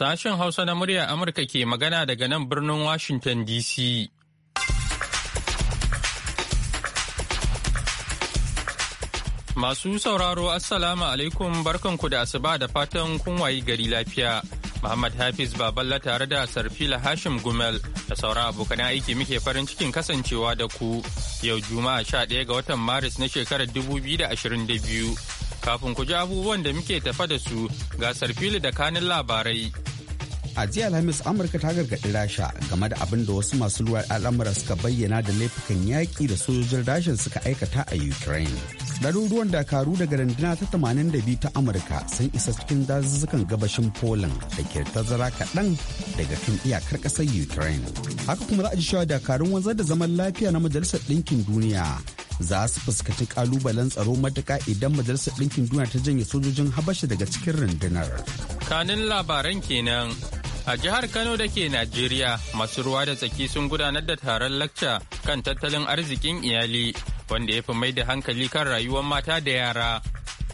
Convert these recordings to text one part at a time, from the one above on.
Sashen Hausa na murya Amurka ke magana daga nan birnin Washington DC. Masu sauraro Assalamu alaikum barkanku da asuba da fatan kun wayi gari lafiya. Muhammad Hafiz Baballa tare da Sarfila Hashim Gumel da saura abokan aiki muke farin cikin kasancewa da ku yau Juma'a 11 ga watan Maris na shekarar 2022. kafin ku ji abubuwan da muke tafa da su gasar fili da kanin labarai. A jiya Alhamis Amurka ta gargaɗi Rasha game da abin da wasu masu ruwa al'amura suka bayyana da laifukan yaƙi da sojojin Rasha suka aikata a Ukraine. Ɗaruruwan dakaru daga randuna ta tamanin da biyu ta Amurka sun isa cikin dazuzzukan gabashin Poland da ke tazara kaɗan daga kan iyakar ƙasar Ukraine. Haka kuma za a ji shawarar dakarun wanzar da zaman lafiya na Majalisar Ɗinkin Duniya za su fuskanci kalubalen tsaro matuka idan majalisar ɗinkin duniya ta janye sojojin habasha daga cikin rundunar. kanin labaran kenan a jihar kano da ke najeriya masu ruwa da tsaki sun gudanar da taron lakca kan tattalin arzikin iyali wanda ya fi mai da hankali kan rayuwar mata da yara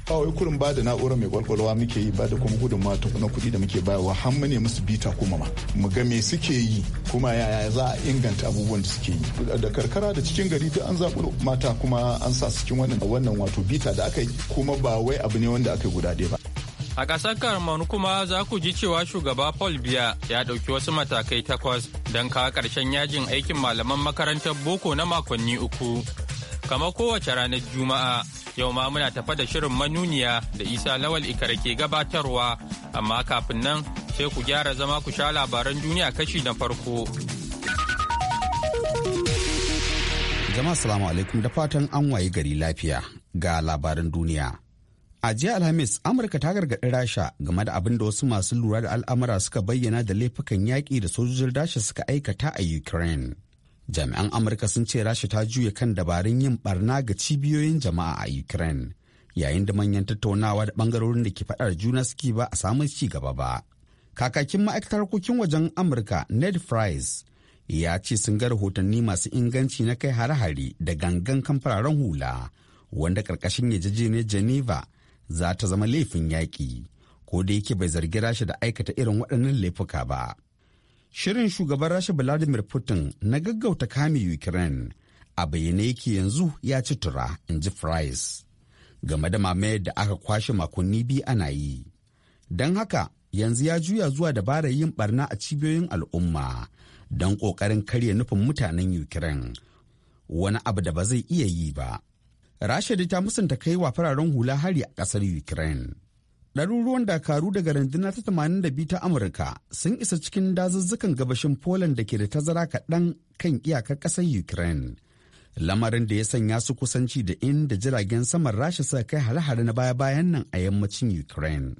kawai kudin kurin ba da na'ura mai kwakwalwa muke yi ba da kuma gudunmawa na kuɗi da muke bayarwa har mu ne musu bita kuma ma mu ga me suke yi kuma yaya za a inganta abubuwan da suke yi da karkara da cikin gari duk an zaɓi mata kuma an sa su cikin wannan wato bita da aka yi kuma ba wai abu ne wanda aka yi guda ɗaya ba. A ƙasar Karmanu kuma za ku ji cewa shugaba Paul Biya ya ɗauki wasu matakai takwas don kawo ƙarshen yajin aikin malaman makarantar boko na makonni uku. kamar kowace ranar Juma'a. Yau ma muna tafa da shirin manuniya da Isa Lawal Ikare ke gabatarwa, amma kafin nan sai ku gyara zama ku sha labaran duniya kashi na farko. Jama'a salamu alaikum da fatan an waye gari lafiya ga labaran duniya. A jiya Alhamis, Amurka ta gargaɗi Rasha game da abin da wasu masu lura da al'amura suka bayyana da laifukan yaƙi da sojojin Rasha suka aikata a Ukraine. jami'an amurka sun ce rasha ta juya kan dabarun yin barna ga cibiyoyin jama'a a ukraine yayin da manyan tattaunawa da bangarorin da ke fadar juna suke ba a samun ci gaba ba kakakin ma'aikatar harkokin wajen amurka ned fries ya ce sun ga rahotanni masu inganci na kai hare-hare da gangan kan fararen hula wanda karkashin yarjejeniyar geneva za ta zama laifin yaƙi ko da yake bai zargi rasha da aikata irin waɗannan laifuka ba Shirin shugaban Rasha Vladimir Putin na gaggauta kame Ukraine a bayyane yake yanzu ya ci tura, in ji Price, game da mamayar da aka kwashe makonni biyu ana yi. Don haka yanzu ya juya zuwa dabarar yin barna a cibiyoyin al'umma don ƙoƙarin karya nufin mutanen Ukraine, wani abu da ba zai iya yi ba. Rasha dai ta musanta kai wa fararen hula hari a ƙasar Ukraine. ɗaruruwan dakaru daga rundunar ta 82 ta amurka sun isa cikin dazuzzukan gabashin poland da ke da tazara kaɗan kan iyakar ƙasar ukraine lamarin da ya sanya su kusanci da inda jiragen saman rasha suka kai hare-hare na baya-bayan nan a yammacin ukraine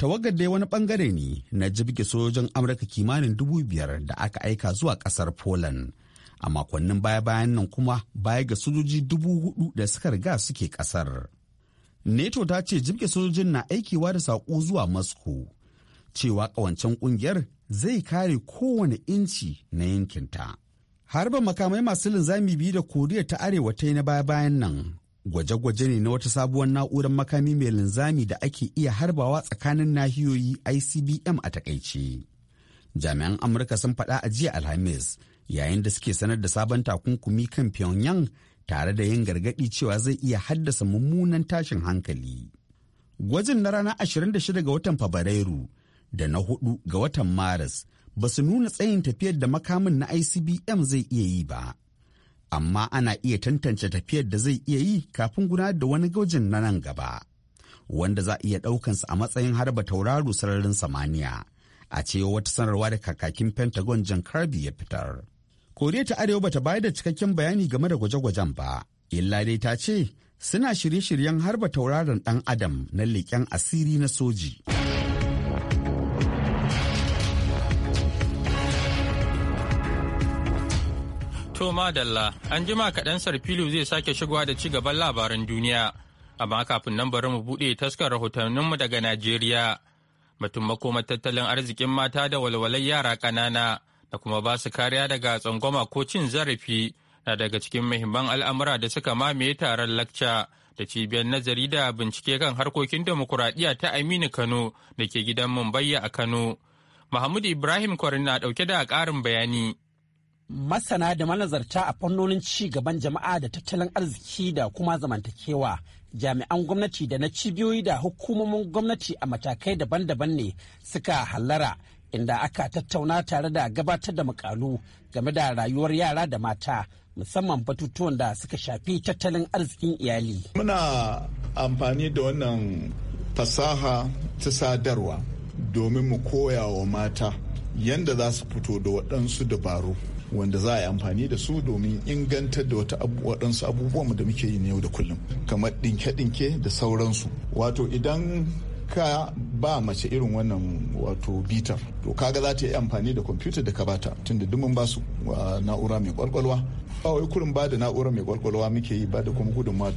tawagar dai wani bangare ne na jibge sojojin amurka kimanin dubu biyar da aka aika zuwa ƙasar poland a makonnin baya-bayan nan kuma baya ga sojoji dubu hudu da suka riga suke ƙasar. neto ta ce jibge sojojin na aikewa da saƙo zuwa moscow cewa ƙawancen ƙungiyar zai kare kowane inci na yankinta harba makamai masu linzami biyu da koriya ta arewa ta yi na baya-bayan nan gwaje-gwaje ne na wata sabuwar na'urar makami mai linzami da ake iya harbawa tsakanin nahiyoyi icbm a takaice jami'an amurka sun faɗa a jiya alhamis yayin da suke sanar da sabon takunkumi kan pyongyang tare da yin gargaɗi cewa zai iya haddasa mummunan tashin hankali. Gwajin na ranar 26 ga watan Fabrairu da na 4 ga watan Maris ba su nuna tsayin tafiyar da makamin na ICBM zai iya yi ba. Amma ana iya tantance tafiyar da zai iya yi kafin gudanar da wani gwajin na nan gaba, wanda za a iya ɗaukansa a matsayin harba tauraro sararin samaniya, a cewa wata sanarwa da kakakin Pentagon John Kirby ya fitar. koriya ta arewa bata bayar da cikakken bayani game da gwaje-gwajen ba illa dai ta ce suna shirye-shiryen harba tauraron ɗan adam na leƙen asiri na soji To madalla an jima kaɗan sarfilu zai sake shigowa da ci gaban labaran duniya amma kafin nan bari mu buɗe taskar rahotanninmu daga najeriya batun makomar tattalin arzikin mata da walwalar yara ƙanana da kuma ba su kariya daga tsangwama ko cin zarafi na daga cikin muhimman al'amura da suka mamaye taron lakca da cibiyar nazari da bincike kan harkokin demokuraɗiyya ta aminu kano da ke gidan mumbai a kano mahmud ibrahim kwarin na ɗauke da ƙarin bayani masana da manazarta a fannonin ci gaban jama'a da tattalin arziki da kuma zamantakewa jami'an gwamnati da na cibiyoyi da hukumomin gwamnati a matakai daban-daban ne suka hallara inda aka tattauna tare da gabatar da makalu game da rayuwar yara da mata musamman batutuwan da suka shafi tattalin arzikin iyali. Muna amfani da wannan fasaha ta sadarwa domin mu koya wa mata yadda za su fito da waɗansu dabaru wanda za a yi amfani da su domin inganta da wata waɗansu abubuwan da muke yi yau da kullum kamar ɗinke-ɗinke da sauransu wato idan ka ba mace irin wannan wato bitar to kaga za ta yi amfani da kwamfuta da ka bata tunda dumin basu ah, na'ura mai kwalkwalwa kawai wai kurin ba da na'urar mai kwalkwalwa muke yi ba da kuma gudunmawa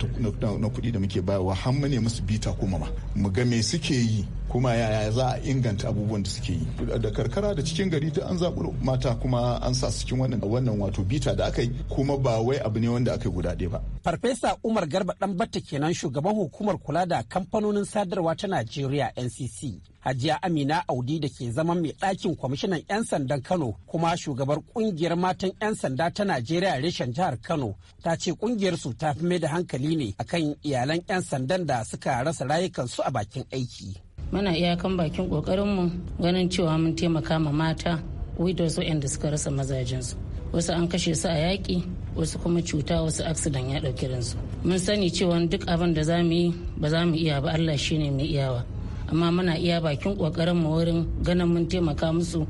na kuɗi da muke bayarwa har mu ne musu bita kuma ma mu ga me suke yi kuma yaya za a inganta abubuwan da suke yi da karkara da cikin gari ta an zaɓi mata kuma an sa cikin wannan wannan wato bita da aka yi kuma ba wai abu ne wanda aka yi guda ɗaya ba. farfesa umar garba ɗan batta kenan shugaban hukumar kula da kamfanonin sadarwa ta najeriya ncc Hajiya Amina Audi da ke zaman mai ɗakin kwamishinan 'yan sandan Kano kuma shugabar ƙungiyar matan 'yan sanda ta Najeriya reshen jihar Kano ta ce kungiyar su ta fi mai da hankali ne akan iyalan 'yan sandan da suka rasa rayukansu a bakin aiki. Muna iyakan bakin ƙoƙarinmu ganin cewa mun taimaka ma mata widows waɗanda suka rasa mazajensu. Wasu an kashe su a yaƙi, wasu kuma cuta wasu aksidan ya ɗauki ransu. Mun sani cewa duk abin da za mu yi ba za mu iya ba Allah shine mai iyawa. amma muna iya bakin kokarin mu wurin ganin mun taimaka musu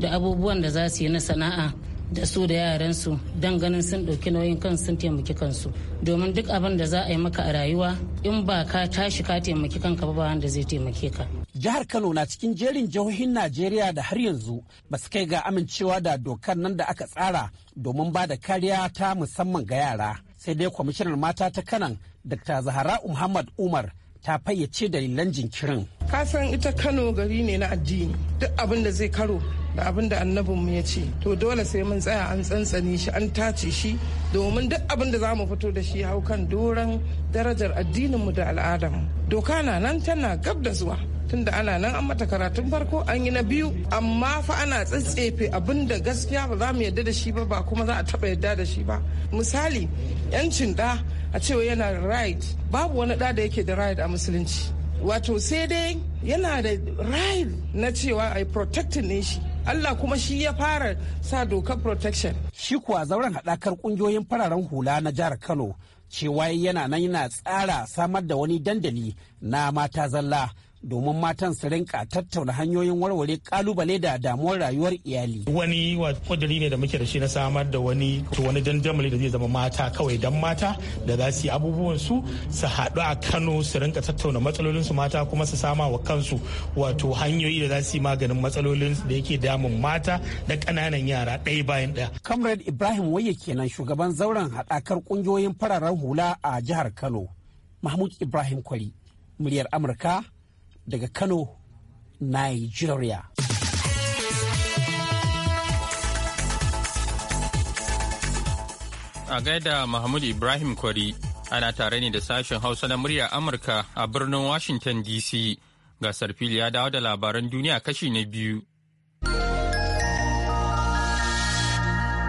da abubuwan da za su yi na sana'a da su da yaransu don ganin sun ɗauki nauyin kan sun taimaki kansu domin duk abin da za a yi maka a rayuwa in ba ka tashi ka taimaki kanka ba wanda zai taimake ka. Jihar Kano na cikin jerin jihohin Najeriya da har yanzu ba su kai ga amincewa da dokar nan da aka tsara domin ba da kariya ta musamman ga yara. Sai dai kwamishinar mata ta Kanan Dr. Zahara Muhammad Umar ta fayyace dalilan jinkirin. Kasan ita Kano gari ne na addini duk abin da zai karo da abin da mu ya ce to dole sai mun tsaya an tsantsane shi an tace shi domin duk abin da za mu fito da shi hau kan doron darajar addininmu da mu. doka na nan tana gab da zuwa tunda ana nan an mata karatun farko an yi na biyu amma fa ana tsatsefe abin da gaskiya ba za mu yarda da shi ba ba kuma za a taba yarda da shi ba misali yancin da a cewa yana right babu wani ɗa da yake da right a musulunci wato sai dai yana da right na cewa a protecting ne shi Allah kuma shi ya fara sa dokar protection. Shi kuwa zauren haɗakar ƙungiyoyin fararen hula na jihar Kano cewa yana nan yana tsara samar da wani dandali na mata zalla domin matan su rinka tattauna hanyoyin warware kalubale da damuwar rayuwar iyali. Wani kudiri ne da muke da shi na samar da wani wani dandamali da zai zama mata kawai dan mata da za su yi abubuwan su su haɗu a Kano su rinka tattauna matsalolin su mata kuma su sama wa kansu wato hanyoyi da za su yi maganin matsalolin da yake damun mata da ƙananan yara ɗaya bayan ɗaya. Comrade Ibrahim Waye kenan shugaban zauren haɗakar ƙungiyoyin fararen hula a jihar Kano. Mahmud Ibrahim Kwari, muryar Amurka, daga Kano, Nigeria. A gaida Mahmud Ibrahim Kwari ana tare ne da sashen Hausa na murya Amurka a birnin Washington DC. Gasar fili ya dawo da labaran duniya kashi na biyu.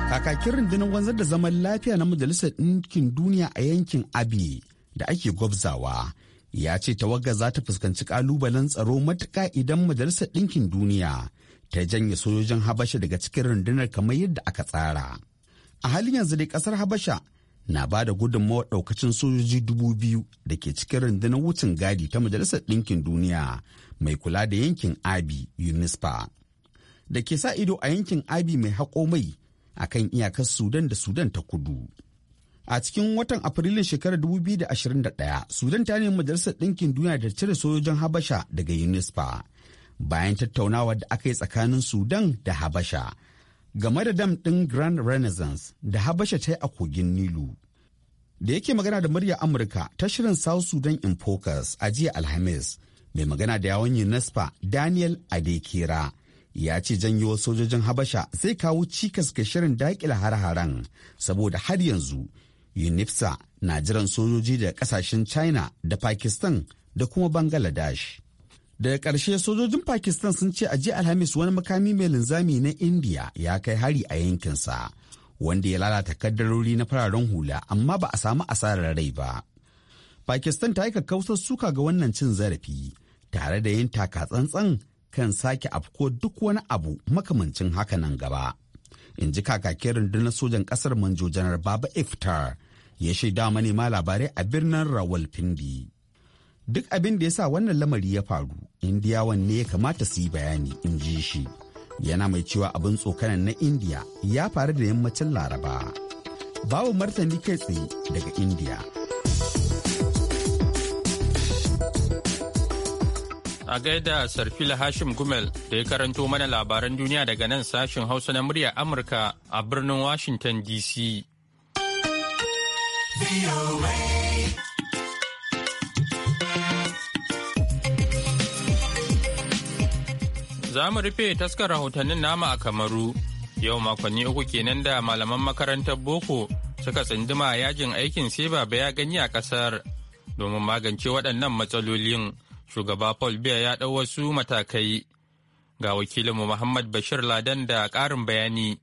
Kakakin rundunar wanzar da zaman lafiya na Majalisar Ɗinkin Duniya a yankin Abi da ake gwabzawa ya ce tawagar za ta fuskanci kalubalen tsaro matuka idan majalisar ɗinkin duniya ta janye sojojin habasha daga cikin rundunar kamar yadda aka tsara a halin yanzu dai ƙasar habasha na ba da gudunmawar ɗaukacin sojoji dubu biyu da ke cikin rundunar wucin gadi ta majalisar ɗinkin duniya mai kula da yankin abi unispa da ke sa ido a yankin abi mai haƙo mai a kan iyakar sudan da sudan ta kudu a cikin watan afrilun shekarar 2021 sudan ta nemi majalisar ɗinkin duniya da cire sojojin habasha daga unispa bayan tattaunawa da aka yi tsakanin sudan da habasha game da dam ɗin grand renaissance da habasha ta yi a kogin nilu da yake magana da murya amurka ta shirin south sudan in focus a jiya alhamis mai magana da yawon unespa daniel adekera ya ce janyo sojojin habasha zai kawo cikas ga shirin daƙila har-haren saboda har yanzu unipsa na jiran sojoji daga kasashen china da pakistan da kuma bangladesh daga ƙarshe sojojin pakistan sun ce a alhamis wani makami mai linzami na india ya kai hari a yankinsa wanda ya lalata kaddarori na fararen hula amma ba a samu asarar rai ba pakistan ta yi kakkausar suka ga wannan cin zarafi tare da yin taka tsantsan kan sake afko duk wani abu makamancin haka nan gaba in ji kakakin rundunar sojan kasar manjo janar baba iftar ya shaida manema labarai a birnin Rawalpindi. Duk abin da ya sa wannan lamari ya faru, Indiyawan ne ya kamata su yi bayani in ji shi. Yana mai cewa abin tsokanan na Indiya ya faru da yammacin Laraba. Babu martani kai tsaye daga Indiya. A gaida Sarfila Hashim Gumel da ya karanto mana labaran duniya daga nan sashen Hausa na murya Amurka a birnin Washington DC. Za mu rufe taskar rahotannin nama a Kamaru. Yau makonni uku kenan da malaman makarantar Boko suka tsinduma yajin aikin sai baba ya gani a ƙasar. Domin magance waɗannan matsalolin, shugaba Paul Biya ya ɗau wasu matakai. Ga wakilinmu Muhammad Bashir Ladan da ƙarin bayani.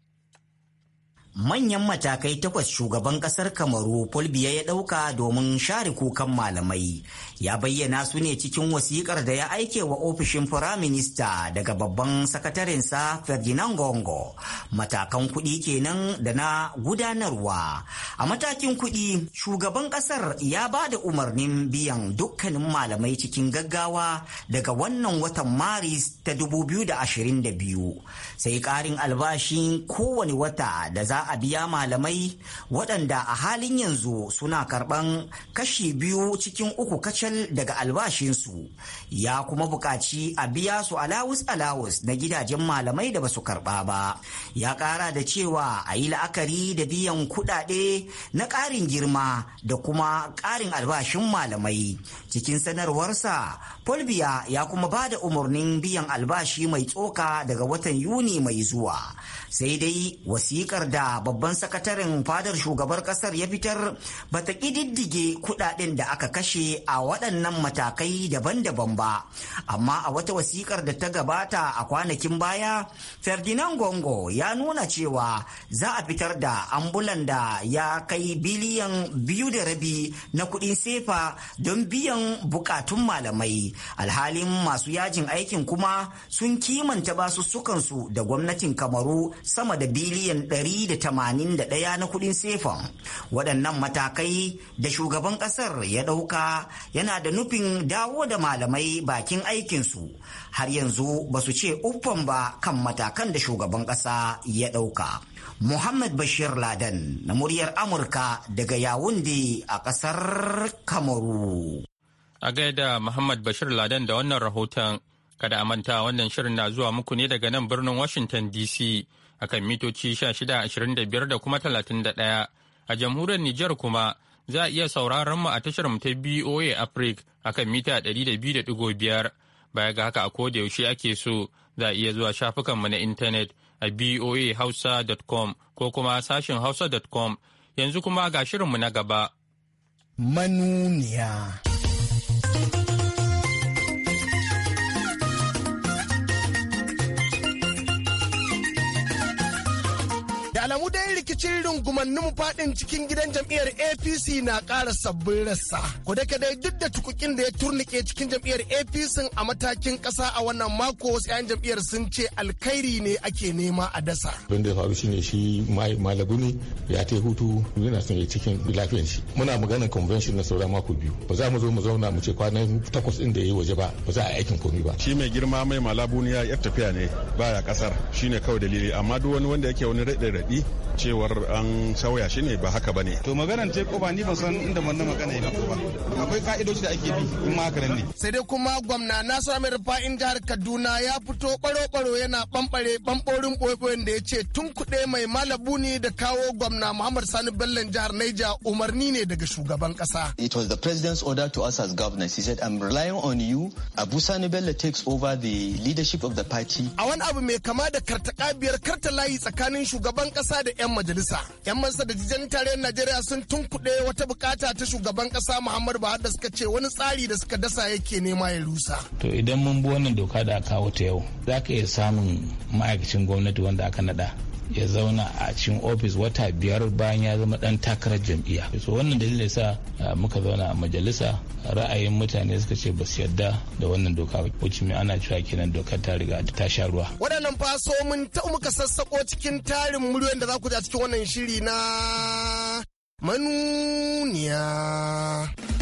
manyan matakai takwas shugaban kasar kamaru fulbiya ya ɗauka domin share kukan malamai ya bayyana su ne cikin wasiƙar da ya aike wa ofishin firaminista daga babban sakatarinsa ferdinand gongo matakan kuɗi kenan da na gudanarwa a matakin kuɗi shugaban kasar ya ba da umarnin biyan dukkanin malamai cikin gaggawa daga wannan watan maris ta 2022 sai ƙarin albashin kowane wata da za za a biya malamai waɗanda a halin yanzu suna karɓan kashi biyu cikin uku kacal daga albashinsu ya kuma buƙaci a biya su alawus alawus na gidajen malamai da basu karɓa ba ya ƙara da cewa a yi la'akari da biyan kuɗaɗe na ƙarin girma da kuma ƙarin albashin malamai cikin sanarwarsa polbia ya kuma ba da umarnin biyan albashi mai tsoka daga watan Yuni mai zuwa. sai dai wasikar da babban sakataren fadar shugabar kasar ya fitar ba ta ƙididdige kudaden da aka kashe a waɗannan matakai daban-daban ba amma a wata wasikar da ta gabata a kwanakin baya ferdinand gongo ya nuna cewa za a fitar da ambulan da ya kai biliyan biyu da rabi na kuɗin sefa don biyan bukatun malamai alhalin masu yajin aikin kuma sun kimanta basussukansu da gwamnatin kamaru sama da biliyan 181 na kudin sefan waɗannan matakai da shugaban ƙasar ya ɗauka yana da nufin dawo da malamai bakin aikinsu har yanzu ba su ce uffan ba kan matakan da shugaban ƙasa ya ɗauka muhammad bashir laden na muryar amurka daga yawundi a ƙasar kamaru a gaida muhammad bashir laden da wannan rahoton kada a manta wannan shirin na zuwa muku ne daga nan birnin washington dc akan mitoci 1625 da kuma talatin da ɗaya a jamhuriyar Nijar kuma za a iya sauraron mu a tashar mu ta BOA Africa akan mita ɗari da 200.5 baya ga haka a koda yaushe ake so za a iya zuwa shafukan mu na intanet a boahausa.com ko kuma sashin hausa.com yanzu kuma ga shirinmu na gaba manuniya mu dai rikicin rungumannin faɗin cikin gidan jam'iyyar apc na ƙara sabbin rassa ko da dai duk da tukukin da ya turnike cikin jam'iyyar apc a matakin ƙasa a wannan mako wasu 'yan jam'iyyar sun ce alkhairi ne ake nema a dasa abin da ya faru shine shi malabu ya ta hutu yana son ya cikin lafiyan shi muna maganar convention na sauran mako biyu ba za mu zo mu zauna mu ce kwanan takwas ɗin ya yi waje ba ba za a aikin komi ba shi mai girma mai malabuni ya yar tafiya ne baya kasar shine kawai dalili amma duk wani wanda yake wani raɗe raɗi cewar an sauya shi ne ba haka ba ne. To maganar ce ko ba ni ban san inda wannan magana ya ba. Akwai ka'idoci da ake bi in ma haka ne. Sai dai kuma gwamna su Amir Fa'in jihar Kaduna ya fito kwaro-kwaro yana bambare bamborin boyoyin da ya ce tun kuɗe mai malabu ne da kawo gwamna Muhammad Sani Bello jihar Niger umarni ne daga shugaban ƙasa. It was the president's order to us as governors. He said I'm relying on you. Abu Sani Bello takes over the leadership of the party. A wani abu mai kama da karta biyar karta layi tsakanin shugaban ƙasa kasa da 'yan majalisa. 'Yan majalisa da jijen tarayyar Najeriya sun tunkuɗe wata bukata ta shugaban ƙasa Muhammadu Buhari da suka ce wani tsari da suka dasa yake nema ya rusa. To idan mun bi wannan doka da aka kawo ta yau, za ka iya samun ma'aikacin gwamnati wanda aka naɗa. ya zauna a cikin ofis wata biyar bayan ya zama dan takarar jam'iyya so wannan dalilin sa uh, muka zauna a majalisa ra'ayin mutane suka ce ba su yarda da wannan doka wacce mai ana cewa kenan dokar ta riga ta sha ruwa waɗannan faso mun ta muka sassako cikin tarin muryoyin da za ku ji a cikin wannan shiri na manuniya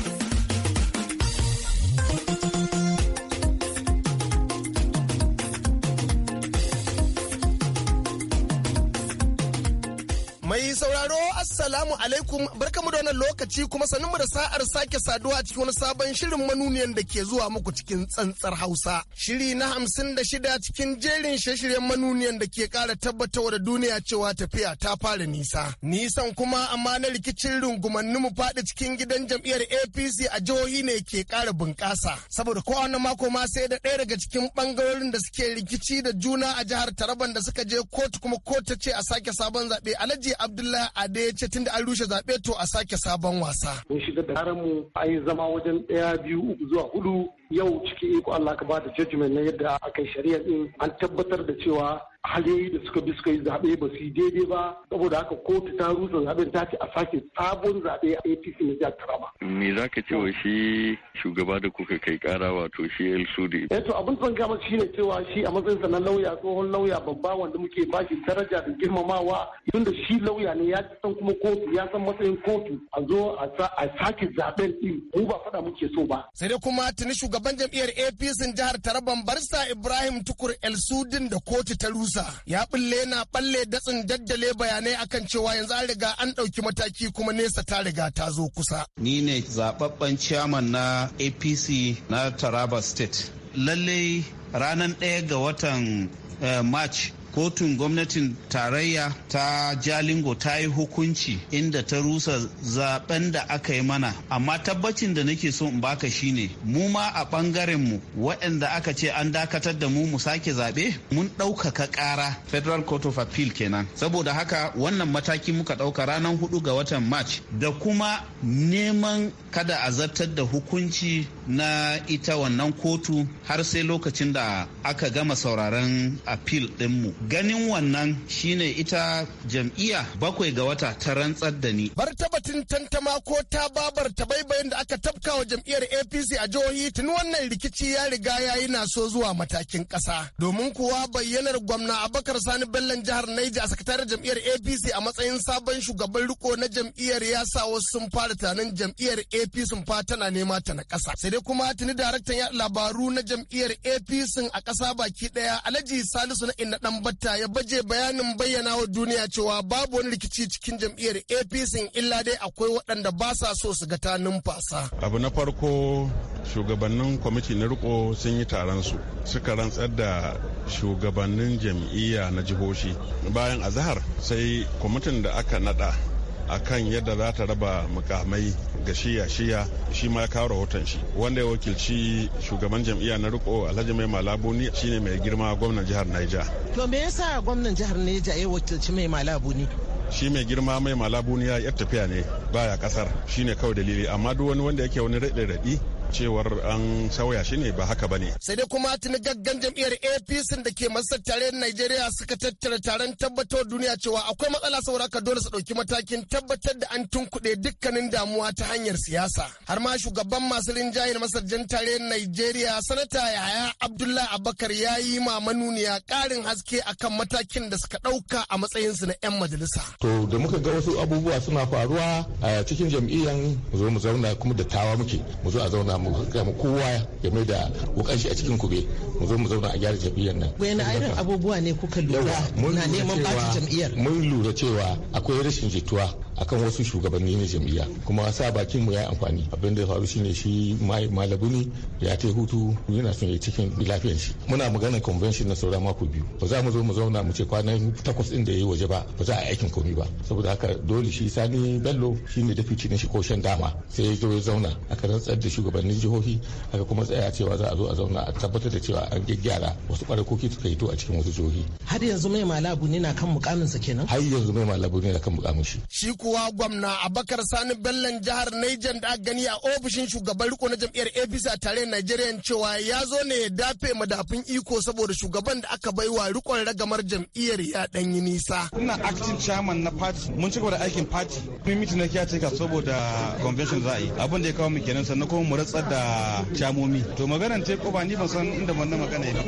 Mai sauraro Assalamu alaikum barkamu da wannan lokaci kuma sanin da sa'ar sake saduwa cikin wani sabon shirin manuniyan da ke zuwa muku cikin tsantsar Hausa. Shiri na hamsin da shida cikin jerin shirye-shiryen manuniyan da ke kara tabbatarwa da duniya cewa tafiya ta fara nisa. Nisan kuma amma na rikicin rungumannin mu faɗi cikin gidan jam'iyyar APC a jihohi ne ke kara bunƙasa. Saboda ko wani mako ma sai da ɗaya daga cikin ɓangarorin da suke rikici da juna a jihar Taraban da suka je kotu kuma kotu ce a sake sabon zaɓe Alhaji Abdullahi Ade ya ce da an rushe zaɓe to a sake sabon wasa. Mun shiga da mu an yi zama wajen ɗaya biyu uku zuwa hudu yau ciki iko Allah ka bada judgment na yadda aka yi shari'a din an tabbatar da cewa hanyoyi da suka bi suka yi zaɓe ba su yi daidai ba saboda haka kotu ta rusa zaɓen ta ce a sake sabon zaɓe a APC na jihar Taraba. Me za ka ce wa shi shugaba da kuka kai ƙara wato shi El Sudi? Eh to abin zan gama shi ne cewa shi a matsayin sa na lauya tsohon lauya babba wanda muke ba shi daraja da girmamawa tunda shi lauya ne ya san kuma kotu ya san matsayin kotu a zo a sake zaɓen din mu ba faɗa muke so ba. Sai dai kuma tuni shugaban jam'iyyar apc jihar taraban barsa ibrahim tukur el sudin da kotu ta rusa ya bulle na balle datsin daddale bayanai akan cewa yanzu an riga an ɗauki mataki kuma nesa ta riga ta zo kusa ni ne zababben chairman na apc na taraba state lallai ranar ɗaya ga watan eh, march kotun gwamnatin tarayya ta jalingo ta yi hukunci inda ta rusa zaben da aka yi mana amma tabbacin da nake so in baka shine mu ma a bangaren mu waɗanda aka ce an dakatar da mu mu sake zaɓe mun ɗaukaka ƙara federal court of appeal kenan saboda haka wannan mataki muka ɗauka ranar hudu ga watan march da kuma neman kada a zartar da hukunci na ita wannan kotu har sai lokacin da aka gama sauraron appeal ɗinmu ganin wannan shine ita jam'iyya bakwai ga wata ta rantsar da ni bar tabbatin tantama ko ta babar tabaibayin da aka tafka wa jam'iyyar apc a jihohi tun wannan rikici ya riga ya yi so zuwa matakin ƙasa domin kuwa bayyanar gwamna abakar sani bellan jihar naija sakataren jam'iyar apc a matsayin sabon shugaban riko na jam'iyyar ya sa wasu sun fara tunanin jam'iyyar apc fa tana nema ta na ƙasa sai dai kuma tuni daraktan yaɗa labaru na jam'iyyar apc a ƙasa baki ɗaya alhaji salisu na inna ɗan batta ya baje bayanin bayyana wa duniya cewa babu wani rikici cikin jam'iyyar apc illa dai akwai waɗanda ba sa so su ga ta numfasa abu na farko shugabannin kwamiti na riko sun yi taron su suka rantsar da shugabannin jam'iyya na jihohi bayan azahar sai kwamitin da aka nada a kan yadda za ta raba mukamai ga shiya-shiya shi ma ya kawo rahoton shi wanda ya wakilci shugaban jam'iyya na riko alhaji mai malabuni shine mai girma gwamnan jihar naija to me yasa gwamnan jihar naija ya wakilci mai malabuni shi mai girma mai malabuni ya tafiya ne baya kasar shine kawai dalili amma duk wani wanda yake wani raɗe-raɗi cewar an sauya shi ne ba haka ba ne. Sai dai kuma tuni gaggan jam'iyyar APC da ke masar tare Najeriya suka tattara taron tabbatar duniya cewa akwai matsala saboda haka dole su ɗauki matakin tabbatar da an tunkuɗe dukkanin damuwa ta hanyar siyasa. Har ma shugaban masu rinjayen masar jan tare Najeriya sanata Yahaya Abdullahi abubakar ya yi ma manuniya ƙarin haske akan matakin da suka ɗauka a matsayinsu na 'yan majalisa. To da muka ga wasu abubuwa suna faruwa a cikin jam'iyyan mu zo mu zauna kuma da tawa muke mu zo a zauna mu ga mu kowa ya mai da wukan shi a cikin kube mu zo mu zauna a gyara jam'iyyar nan wani irin abubuwa ne kuka lura na neman ta jam'iyyar mun lura cewa akwai rashin jituwa akan wasu shugabanni na jam'iyya kuma sa bakin mu ya amfani abin da ya faru shine shi malabuni ya ta hutu yana son ya cikin lafiyar shi muna magana convention na saura mako biyu ba za mu zo mu zauna mu ce kwanan takwas din da yayi waje ba ba za a aikin komi ba saboda haka dole shi sani bello shine dafici na shi ko shan dama sai ya zo ya zauna aka rantsar da shugabannin jihohi aka kuma tsaya cewa za a zo a zauna a tabbatar da cewa an gyaggyara wasu kwarakoki suka hito a cikin wasu jihohi har yanzu mai malabuni na kan mukamin sa kenan har yanzu mai malabuni na kan mukamin shi kuwa gwamna Abakar Sani Bellan jihar Niger da gani a ofishin shugaban riko na jam'iyyar APC a tare nigeria cewa ya zo ne ya dafe madafin iko saboda shugaban da aka baiwa rikon ragamar jam'iyyar ya dan yi nisa. Ina acting chairman na party mun ci gaba da aikin party mun miti na kiyace ka saboda convention za a yi abin da ya kawo mu kenan sannan kuma mu ratsar da chamomi to maganar ce ko ba ni ban san inda wannan magana ya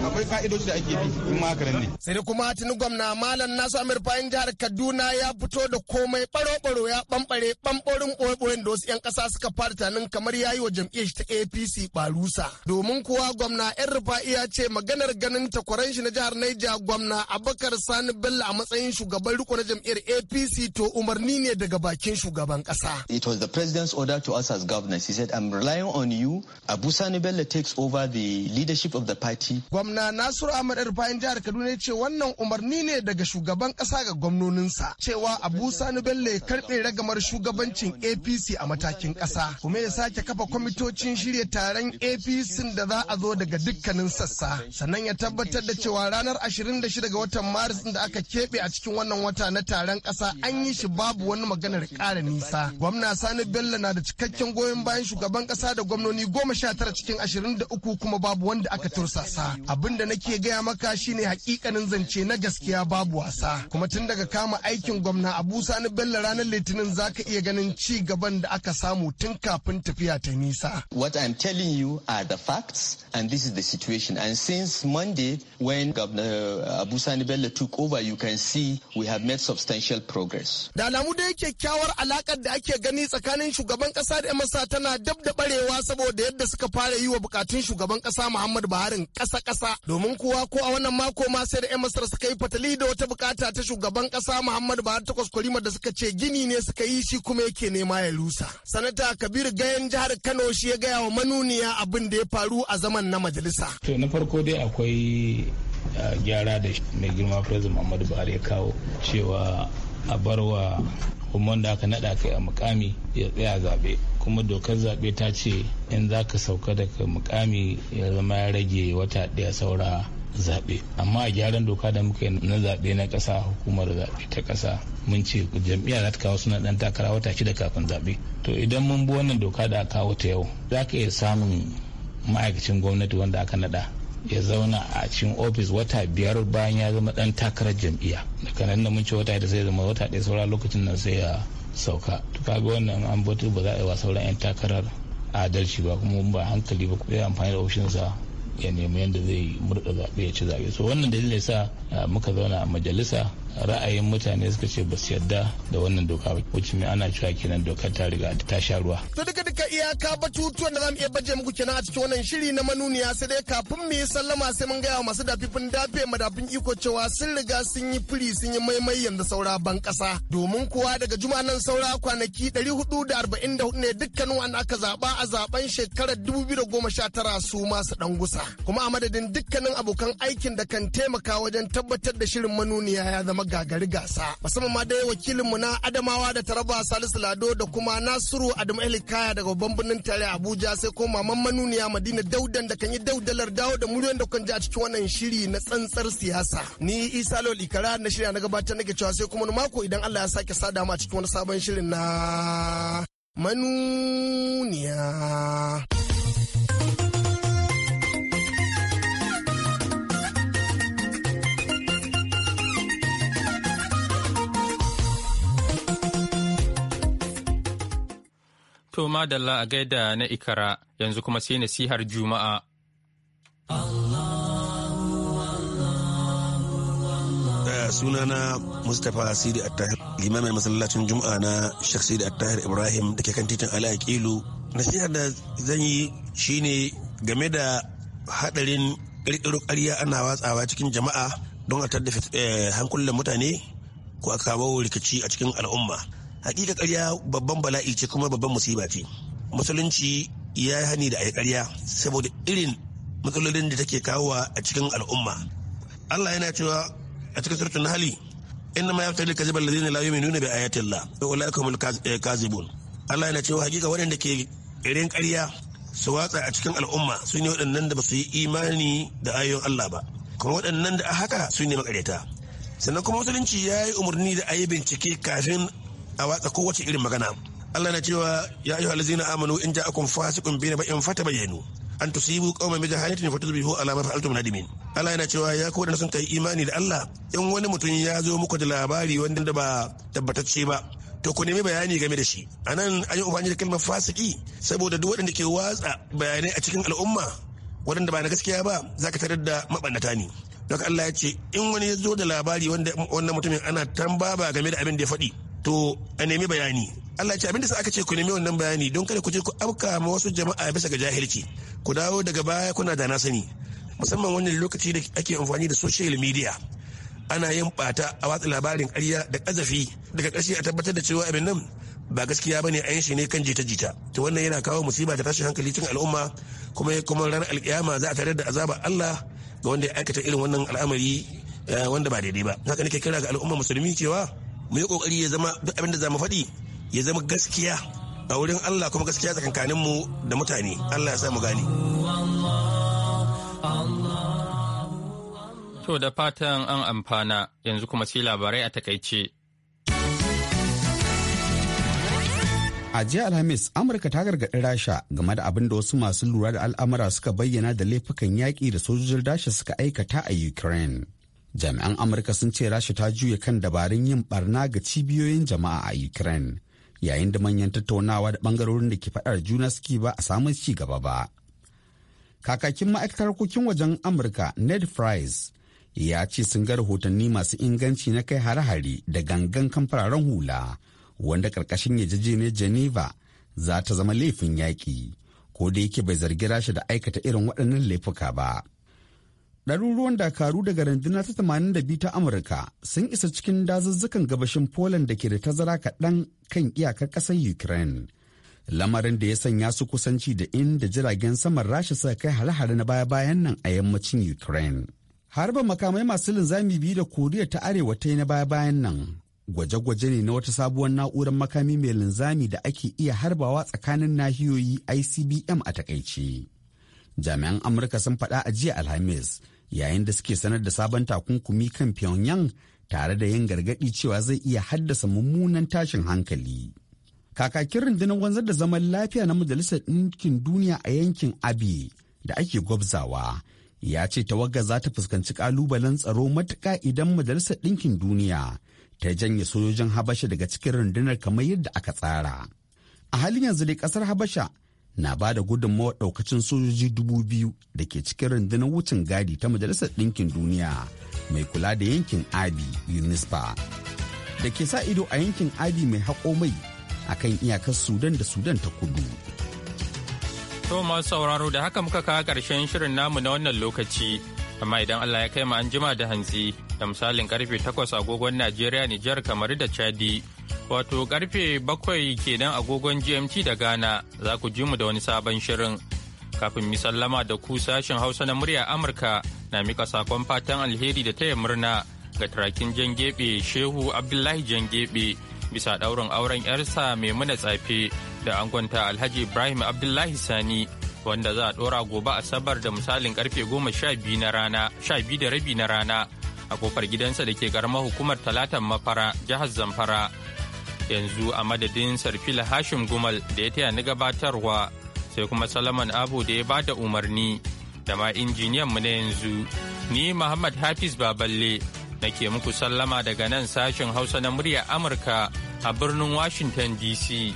ba akwai ka'idoji da ake bi in ma haka ne. Sai kuma tuni gwamna Malam Nasu Amir Fayin jihar Kaduna ya fito da ko mai baro-baro ya bambare ɓamɓarin ɓoye da wasu 'yan ƙasa suka fara tanin kamar ya yi wa jam'iyyar ta APC barusa. Domin kuwa gwamna 'yan rufa'i ya ce maganar ganin takwaran shi na jihar Naija gwamna Abubakar Sani Bello a matsayin shugaban riko na jam'iyyar APC to umarni ne daga bakin shugaban ƙasa. It was the president's order to us as governors. He said, I'm relying on you. Abu Sani Bello takes over the leadership of the party. Gwamna Nasiru Ahmad rufa'in jihar Kaduna ya ce wannan umarni ne daga shugaban ƙasa ga gwamnoninsa. Cewa Abu Sani Sani Bello ya karɓe ragamar shugabancin APC a matakin ƙasa kuma ya sake kafa kwamitocin shirya taron APC da za a zo daga dukkanin sassa sannan ya tabbatar da cewa ranar 26 ga watan Maris da aka keɓe a cikin wannan wata na taron ƙasa an yi shi babu wani maganar ƙara nisa. Gwamna Sani Bello na da cikakken goyon bayan shugaban ƙasa da gwamnoni goma sha tara cikin ashirin kuma babu wanda aka tursasa. Abin da nake gaya maka shine hakikanin zance na gaskiya babu wasa. Kuma tun daga kama aikin gwamna Abu Sani wani Bello ranar Litinin za ka iya ganin ci gaban da aka samu tun kafin tafiya ta nisa. What I'm telling you are the facts and this is the situation. And since Monday when Governor uh, Abu Sani Bello took over you can see we have made substantial progress. Da alamu da yake kyawar alakar da ake gani tsakanin shugaban kasa da msa tana dab da barewa saboda yadda suka fara yi wa bukatun shugaban kasa Muhammadu Buhari kasa kasa domin kuwa ko a wannan mako ma sai da 'yan suka yi fatali da wata bukata ta shugaban kasa Muhammadu Buhari takwas kwalimar da suka ce gini ne suka yi shi kuma yake nema ya rusa sanata kabir gayan jihar kano shi ya gaya wa manuniya abin da ya faru a zaman na majalisa to na farko dai akwai gyara da mai girma president muhammadu buhari ya kawo cewa a barwa kuma wanda aka nada kai a mukami ya tsaya zaɓe kuma dokar zaɓe ta ce in za ka sauka daga mukami ya zama ya rage wata ɗaya saura zaɓe amma a gyaran doka da muka yi na zaɓe na ƙasa hukumar zaɓe ta ƙasa mun ce jam'iyyar za ta kawo suna ɗan takara wata shida kafin zaɓe to idan mun bi wannan doka da aka kawo ta yau za ka iya samun ma'aikacin gwamnati wanda aka naɗa ya zauna a cikin ofis wata biyar bayan ya zama ɗan takarar jam'iyya da nan da mun ce wata da sai zama wata ɗaya saura lokacin nan sai ya sauka to kaga wannan an batu ba za a yi wa sauran 'yan takarar adalci ba kuma ba hankali ba kuɗi amfani da ofishinsa ya nemi yadda zai murda zaɓe ya ci zaɓe so wannan dalilin sa ah, muka zauna a majalisa ra'ayin mutane suka ce ba su yarda da wannan doka ba wacce mai ana cewa kenan dokar ta riga ta sha ruwa. to duka duka iyaka batutuwan da za mu iya baje muku kenan a cikin wannan shiri na manuniya sai dai kafin mu yi sallama sai mun gaya wa masu dafifin dafe madafin iko cewa sun riga sun yi firi sun yi maimai yanzu saura ban kasa domin kuwa daga juma nan saura kwanaki 444 ne dukkanin wanda aka zaba a zaben shekarar 2019 su masu dan gusa kuma a madadin dukkanin abokan aikin da kan taimaka wajen tabbatar da shirin manuniya ya zama gagari gasa musamman ma dai wakilin mu na adamawa da taraba salisu lado da kuma nasiru adamu elikaya daga babban birnin tare abuja sai ko maman manuniya madina daudan da kan yi daudalar dawo da muryoyin da kan ji a cikin wannan shiri na tsantsar siyasa ni isa lol ikara na shirya na gabatar nake cewa sai kuma mako idan allah ya sake sada ma a cikin wani sabon shirin na manuniya. To madalla a gaida na ikara yanzu kuma sai nasihar Juma'a. Eh, sunana Mustapha Sidi Attahir limamin masallacin Juma'a na Sheikh Sidi Attahir Ibrahim da ke kan titin Ali Akilu. Nasihar da zan yi shine game da hadarin ƙirƙiro ƙarya ana watsawa cikin jama'a don a tattafe eh, hankulan mutane ko a kawo rikici a cikin al'umma. hakika ƙarya babban bala'i ce kuma babban musiba ce musulunci ya yi hani da yi ƙarya saboda irin matsalolin da take kawo a cikin al'umma Allah yana cewa a cikin na hali inna ma yaftali kadhiba mai la yu'minuna bi ayati Allah wa ulaika eh, kazibun Allah yana cewa hakika waɗanda ke irin ƙarya su watsa a cikin al'umma su ne waɗannan da ba su yi imani da ayoyin Allah ba kuma waɗannan da haka su ne makareta sannan kuma musulunci ya yi umarni da a yi bincike kafin a watsa kowace irin magana Allah na cewa ya ayyuha allazina amanu in ja'akum fasiqun bi naba'in fatabayyanu an tusibu qauman bi jahalatin fatuzbihu ala ma fa'altum nadimin Allah yana cewa ya ku sun kai imani da Allah in wani mutum ya zo muku da labari wanda ba tabbatacce ba to ku nemi bayani game da shi anan an yi amfani da kalmar fasiki saboda duk waɗanda ke watsa bayanai a cikin al'umma waɗanda ba na gaskiya ba Zaka ka tarar da maɓannata ne don Allah ya ce in wani ya zo da labari wanda wannan mutumin ana tambaba game da abin da ya faɗi to a nemi bayani Allah ce abinda sai aka ce ku nemi wannan bayani don kada ku je ku afka ma wasu jama'a bisa ga jahilci ku dawo daga baya kuna da na sani musamman wannan lokaci da ake amfani da social media ana yin bata a watsa labarin ƙarya da ƙazafi daga ƙarshe a tabbatar da cewa abin nan ba gaskiya bane a shi ne kan jita-jita to wannan yana kawo musiba da tashin hankali cikin al'umma kuma kuma ranar alkiyama za a tare da azaba Allah ga wanda ya aikata irin wannan al'amari eh, wanda ba daidai ba haka nake kira ga al'umma musulmi cewa mu yi kokari ya zama duk abin da za mu faɗi ya zama gaskiya a wurin Allah kuma gaskiya tsakankanin mu da mutane Allah ya sa mu gane to da fatan an amfana yanzu kuma sai labarai a takaice a jiya alhamis amurka ta gargaɗi rasha game da abin da wasu masu lura da al'amura suka bayyana da laifukan yaƙi da sojojin rasha suka aikata a ukraine jami'an amurka sun ce rasha ta juya kan dabarun yin barna ga cibiyoyin jama'a a ukraine yayin da manyan tattaunawa da bangarorin da ke fadar juna suke ba a samun ci gaba ba kakakin ma'aikatar harkokin wajen amurka ned price ya ce sun ga rahotanni masu inganci na kai hare-hare da gangan kamfararen hula wanda karkashin yarjejeniyar geneva za ta zama laifin yaƙi ko da yake bai zargi rasha da aikata irin waɗannan laifuka ba. ɗaruruwan dakaru daga rundunar ta 82 ta amurka sun isa cikin dazuzzukan gabashin poland da ke da tazara kaɗan kan iyakar ƙasar ukraine lamarin da ya sanya su kusanci da inda jiragen saman rasha suka kai hare-hare na baya-bayan nan a yammacin ukraine harba makamai masu linzami biyu da koriya ta arewa ta yi na baya-bayan nan gwaje-gwaje ne na wata sabuwar na'urar makami mai linzami da ake iya harbawa tsakanin nahiyoyi icbm a takaice jami'an amurka sun faɗa a jiya alhamis yayin da suke sanar da sabon takunkumi kan pyongyang tare da yin gargaɗi cewa zai iya haddasa mummunan tashin hankali kakakin rundunar wanzar da zaman lafiya na majalisar ɗinkin duniya a yankin abi da ake gwabzawa ya ce tawagar za ta fuskanci ƙalubalen tsaro matuƙa idan majalisar ɗinkin duniya ta janye sojojin habasha daga cikin rundunar kamar yadda aka tsara a halin yanzu dai ƙasar habasha na ba da gudunmawar ɗaukacin sojoji dubu biyu da ke cikin rundunar wucin gadi ta majalisar ɗinkin duniya mai kula da yankin abi unispa da ke sa ido a yankin abi mai haƙo mai a kan iyakar sudan da sudan ta kudu to masu sauraro da haka muka kawo ƙarshen shirin namu na wannan lokaci amma idan allah ya kai mu an jima da hantsi da misalin karfe 8 agogon najeriya nijar kamar da chadi wato karfe bakwai kenan agogon gmt da ghana za ku ji mu da wani sabon shirin kafin mi sallama da ku sashen hausa na murya amurka na mika sakon fatan alheri da taya murna ga tarakin jan gebe shehu abdullahi jan bisa ɗaurin auren yarsa mai maimuna tsafe da angonta alhaji ibrahim abdullahi sani wanda za a ɗora gobe asabar da misalin karfe goma sha sha biyu da rabi na rana a kofar gidansa da ke karamar hukumar talatan mafara jihar zamfara yanzu a madadin sarfila hashim gumal da ya taya ni gabatarwa sai kuma salaman abu da ya ba da umarni da ma injiniyan mu na yanzu ni muhammad hafiz baballe na ke muku sallama daga nan sashen hausa na murya amurka a birnin washington dc